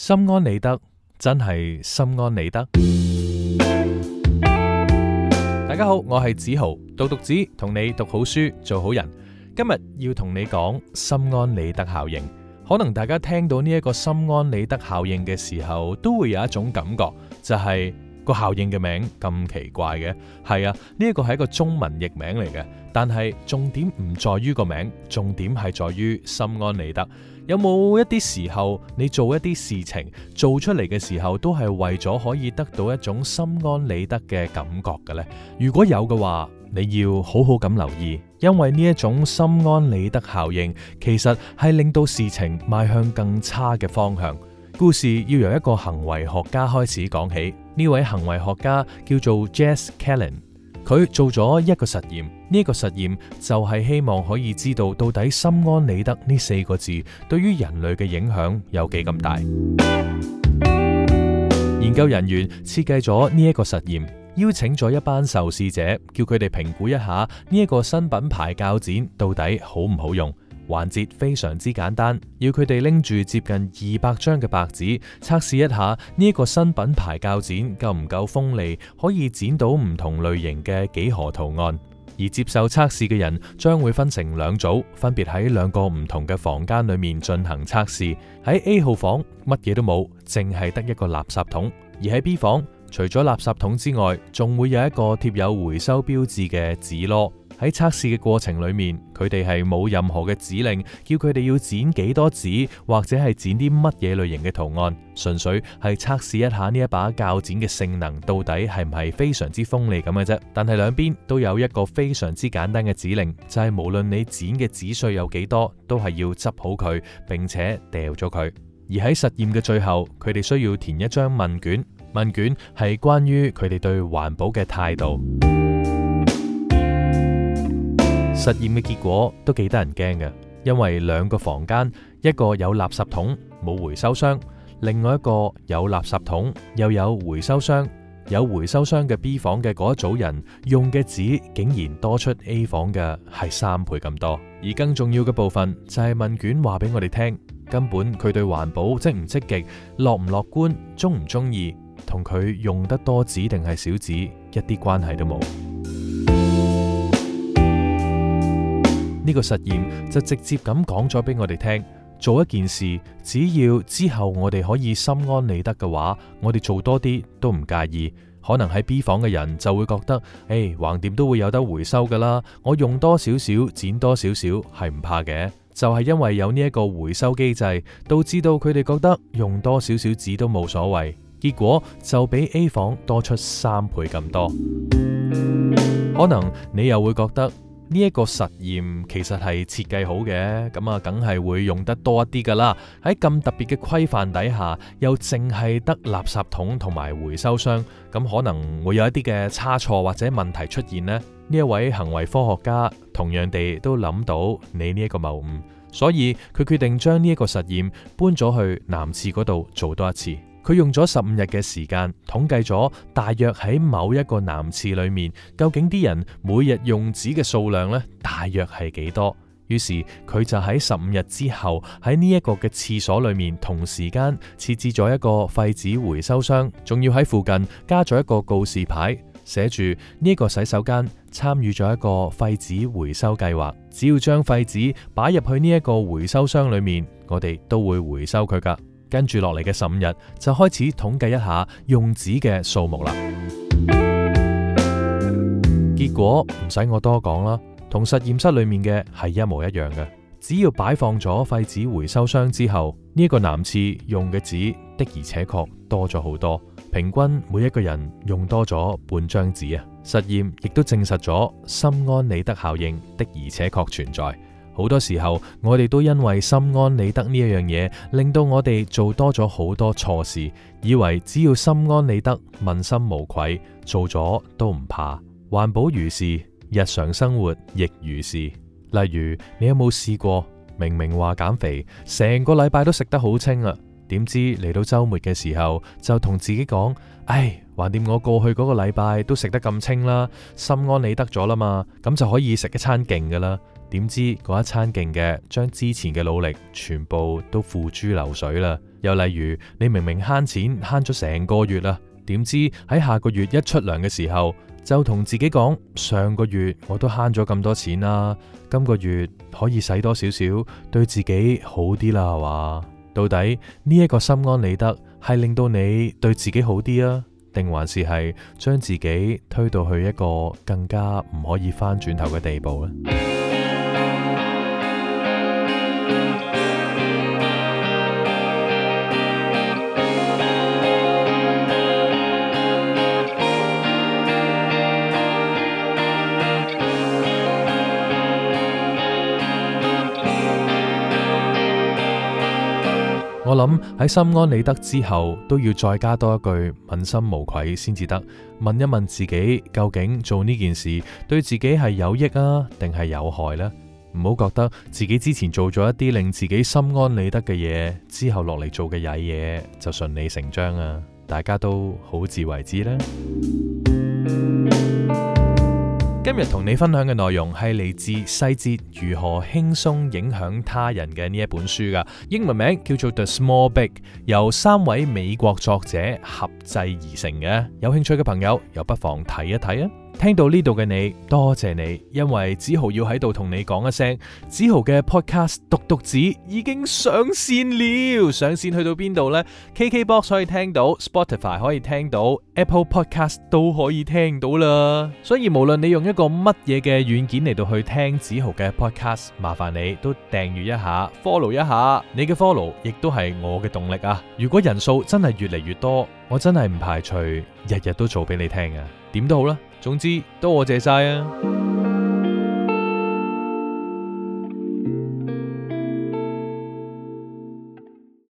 心安理得，真係心安理得。大家好，我係梓豪，獨讀子同你讀好書，做好人。今日要同你講心安理得效應。可能大家聽到呢一個心安理得效應嘅時候，都會有一種感覺，就係、是。個效應嘅名咁奇怪嘅？係啊，呢一個係一個中文譯名嚟嘅，但係重點唔在於個名，重點係在於心安理得。有冇一啲時候你做一啲事情，做出嚟嘅時候都係為咗可以得到一種心安理得嘅感覺嘅呢？如果有嘅話，你要好好咁留意，因為呢一種心安理得效應，其實係令到事情邁向更差嘅方向。故事要由一個行為學家開始講起。呢位行為學家叫做 Jess Kellen，佢做咗一個實驗。呢、呢個實驗就係希望可以知道到底心安理得呢四個字對於人類嘅影響有幾咁大。 研究人員設計咗呢一個實驗，邀請咗一班受試者，叫佢哋評估一下呢一個新品牌鉸剪到底好唔好用。環節非常之簡單，要佢哋拎住接近二百張嘅白紙，測試一下呢一個新品牌鉸剪夠唔夠鋒利，可以剪到唔同類型嘅幾何圖案。而接受測試嘅人將會分成兩組，分別喺兩個唔同嘅房間裏面進行測試。喺 A 號房乜嘢都冇，淨係得一個垃圾桶；而喺 B 房，除咗垃圾桶之外，仲會有一個貼有回收標誌嘅紙籮。喺測試嘅過程裏面，佢哋係冇任何嘅指令，叫佢哋要剪幾多紙，或者係剪啲乜嘢類型嘅圖案，純粹係測試一下呢一把鉸剪嘅性能，到底係唔係非常之鋒利咁嘅啫。但係兩邊都有一個非常之簡單嘅指令，就係、是、無論你剪嘅紙碎有幾多，都係要執好佢，並且掉咗佢。而喺實驗嘅最後，佢哋需要填一張問卷，問卷係關於佢哋對環保嘅態度。實驗嘅結果都幾得人驚嘅，因為兩個房間，一個有垃圾桶冇回收箱，另外一個有垃圾桶又有回收箱。有回收箱嘅 B 房嘅嗰一組人用嘅紙竟然多出 A 房嘅係三倍咁多。而更重要嘅部分就係問卷話俾我哋聽，根本佢對環保積唔積極、樂唔樂觀、中唔中意，同佢用得多紙定係少紙一啲關係都冇。呢個實驗就直接咁講咗俾我哋聽，做一件事，只要之後我哋可以心安理得嘅話，我哋做多啲都唔介意。可能喺 B 房嘅人就會覺得，誒、哎，橫掂都會有得回收噶啦，我用多少少，剪多少少係唔怕嘅。就係、是、因為有呢一個回收機制，導致到佢哋覺得用多少少紙都冇所謂。結果就比 A 房多出三倍咁多。可能你又會覺得。呢一個實驗其實係設計好嘅，咁啊梗係會用得多一啲㗎啦。喺咁特別嘅規範底下，又淨係得垃圾桶同埋回收箱，咁可能會有一啲嘅差錯或者問題出現咧。呢一位行為科學家同樣地都諗到你呢一個謬誤，所以佢決定將呢一個實驗搬咗去南次嗰度做多一次。佢用咗十五日嘅時間，統計咗大約喺某一個男廁裏面，究竟啲人每日用紙嘅數量呢？大約係幾多？於是佢就喺十五日之後，喺呢一個嘅廁所裏面，同時間設置咗一個廢紙回收箱，仲要喺附近加咗一個告示牌，寫住呢個洗手間參與咗一個廢紙回收計劃，只要將廢紙擺入去呢一個回收箱裏面，我哋都會回收佢噶。跟住落嚟嘅十五日就開始統計一下用紙嘅數目啦。結果唔使我多講啦，同實驗室裏面嘅係一模一樣嘅。只要擺放咗廢紙回收箱之後，呢一個男廁用嘅紙的而且確多咗好多，平均每一個人用多咗半張紙啊！實驗亦都證實咗心安理得效應的而且確存在。好多時候，我哋都因為心安理得呢一樣嘢，令到我哋做多咗好多錯事，以為只要心安理得、問心無愧，做咗都唔怕。環保如是，日常生活亦如是。例如，你有冇試過明明話減肥，成個禮拜都食得好清啊？點知嚟到周末嘅時候，就同自己講：唉，橫掂我過去嗰個禮拜都食得咁清啦、啊，心安理得咗啦嘛，咁就可以食一餐勁噶啦。點知嗰一餐勁嘅，將之前嘅努力全部都付諸流水啦。又例如你明明慳錢慳咗成個月啦，點知喺下個月一出糧嘅時候，就同自己講：上個月我都慳咗咁多錢啦，啊，今個月可以使多少少，對自己好啲啦，係嘛？到底呢一個心安理得係令到你對自己好啲啊，定還是係將自己推到去一個更加唔可以翻轉頭嘅地步咧？我諗喺心安理得之後，都要再加多一句問心無愧先至得。問一問自己，究竟做呢件事對自己係有益啊，定係有害呢？唔好覺得自己之前做咗一啲令自己心安理得嘅嘢，之後落嚟做嘅曳嘢就順理成章啊！大家都好自為之啦。今日同你分享嘅內容係嚟自《細節如何輕鬆影響他人》嘅呢一本書噶，英文名叫做《The Small Big》，由三位美國作者合製而成嘅。有興趣嘅朋友又不妨睇一睇啊！聽到呢度嘅你，多謝你，因為梓豪要喺度同你講一聲，梓豪嘅 podcast《獨讀子》已經上線了。上線去到邊度呢？KKBox 可以聽到，Spotify 可以聽到，Apple Podcast 都可以聽到啦。所以無論你用一個乜嘢嘅軟件嚟到去聽梓豪嘅 podcast，麻煩你都訂閱一下，follow 一下。你嘅 follow 亦都係我嘅動力啊。如果人數真係越嚟越多，我真係唔排除日日都做俾你聽啊。點都好啦。總之，多謝曬啊！